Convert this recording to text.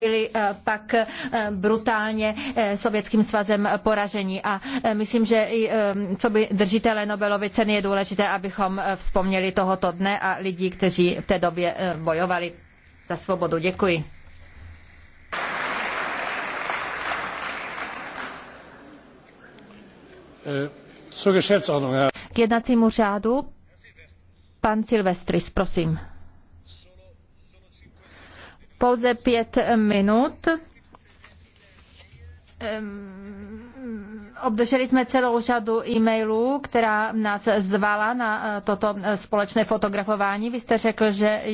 byli eh, pak eh, brutálně eh, sovětským svazem poraženi. A myslím, že i co by držitele Nobelovy ceny je důležité, abychom vzpomněli tohoto dne a lidí, kteří v té době bojovali za svobodu. Děkuji. K jednacímu řádu pan Silvestris, prosím pouze pět minut. Obdrželi jsme celou řadu e-mailů, která nás zvala na eh, toto eh, společné fotografování. Vy jste řekl, že